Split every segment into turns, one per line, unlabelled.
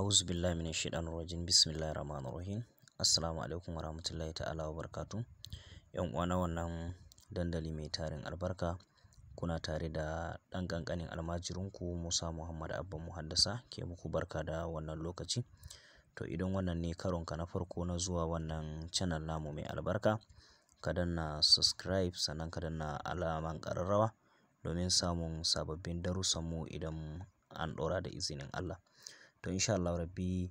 auzu billahi minash shaitanir rajim. Bismillahir rahmanir rahim. Assalamu alaikum warahmatullahi ta'ala wabarakatuh. Yan uwa na wannan dandali mai tarin albarka kuna tare da ɗan ƙanƙanin almajirinku Musa Muhammad Abba Muhaddasa ke muku barka da wannan lokaci. To idan wannan ne karon ka na farko na zuwa wannan channel namu mai albarka ka danna subscribe sannan ka danna alaman ƙararrawa domin samun sababbin darussanmu idan an ɗora da izinin Allah. To insha Allah Rabbi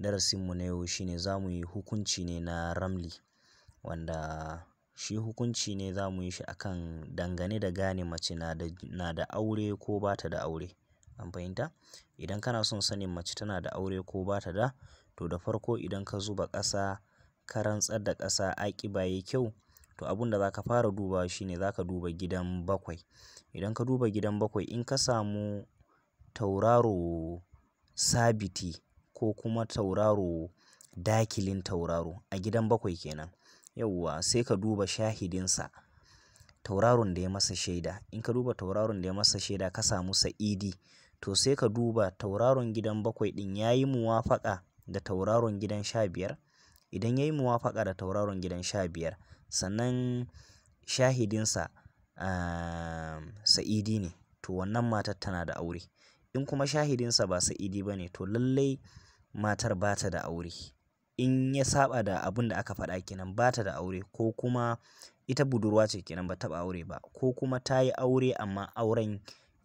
darasin mu na yau shine zamu yi hukunci ne na ramli wanda shi hukunci ne zamu yi shi akan dangane da gane mace na da, na da aure ko bata da aure. An fahimta? Idan kana son sanin mace tana da aure ko bata da, to da farko idan ka zuba ƙasa, ka rantsar da ƙasa aƙiba yayi kyau, to abun da zaka fara duba shine zaka duba gidan bakwai. Idan ka duba gidan bakwai in ka samu tauraro sabiti ko kuma tauraro dakilin tauraro a gidan bakwai kenan. Yauwa sai ka duba shahidinsa tauraron da ya masa shaida. In ka duba tauraron da ya masa shaida ka samu sa'idi to sai ka duba tauraron gidan bakwai ɗin ya yi muwafaƙa da tauraron gidan sha biyar. Idan ya yi muwafaƙa da tauraron gidan sha biyar sannan shahidinsa, ah, sa'idi ne to wannan matar tana da aure. in kuma shahidinsa ba sa'idi ba ne to lallai matar ba ta da aure in ya saba da abin da aka faɗa kenan ba ta da aure ko kuma ita budurwa ce kenan ba taɓa aure ba ko kuma ta yi aure amma auren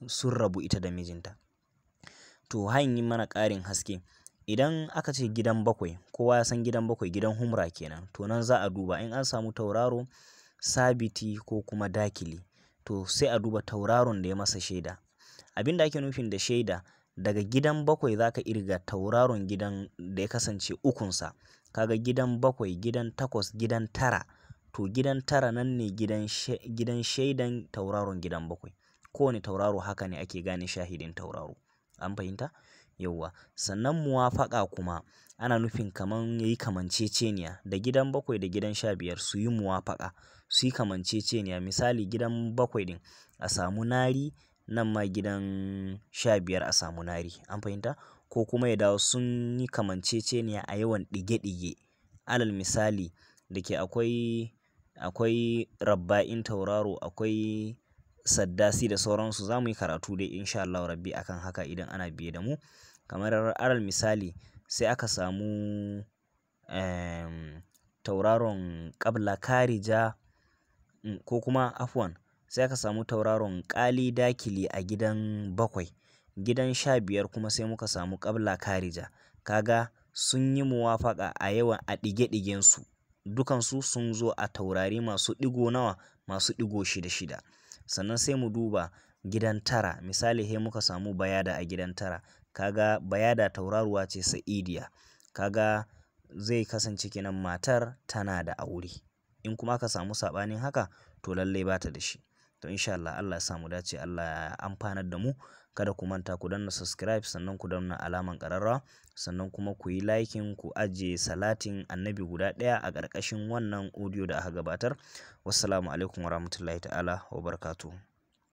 sun rabu ita da mijinta to hain mana ƙarin haske idan aka ce gidan bakwai kowa ya san gidan bakwai gidan humra kenan to nan za a duba in an samu tauraro sabiti ko kuma dakili to sai a duba tauraron da ya masa shaida Abin da ake nufin da shaida daga gidan bakwai za ka irga tauraron gidan da ya kasance ukunsa. Kaga gidan bakwai, gidan takwas, gidan tara. To gidan tara nan ne gidan, shaidan tauraron gidan bakwai. Kowane tauraro haka ne ake gane shahidin tauraro. An fahimta? Yauwa. Sannan muwafaƙa kuma ana nufin kaman ya yayi kamanceceniya da gidan bakwai da gidan sha biyar su yi muwafaƙa, su yi kamanceceniya. Misali gidan bakwai ɗin a samu nari nan ma gidan sha biyar a samu nari an fahimta ko kuma ya dawo sun yi kamanceceniya a yawan ɗige-ɗige alal misali da ke akwai akwai rabba'in tauraro akwai saddasi da sauransu za mu yi karatu dai insha Allah rabbi akan haka idan ana biye da mu kamar alal misali sai aka samu tauraron ƙabla karija ko kuma afwan sai ka samu tauraron ƙali dakili a gidan bakwai gidan sha biyar kuma sai muka samu ƙabla karija kaga sun yi muwafaƙa a yawan a ɗige-ɗigensu dukansu sun zo a taurari masu ɗigo nawa masu ɗigo shida-shida sannan sai mu duba gidan tara misali he muka samu bayada a gidan tara kaga bayada tauraruwa ce sa'idiya kaga zai kasance kenan matar tana da aure in kuma aka samu saɓanin haka to lallai ba ta da shi to insha Allah Allah ya samu dace Allah ya amfanar da mu kada ku manta ku danna subscribe sannan ku danna alaman ƙararra sannan kuma ku yi liking ku ajiye salatin annabi guda daya a ƙarƙashin wannan audio da aka gabatar wassalamu alaikum warahmatullahi ta'ala wa barakatu.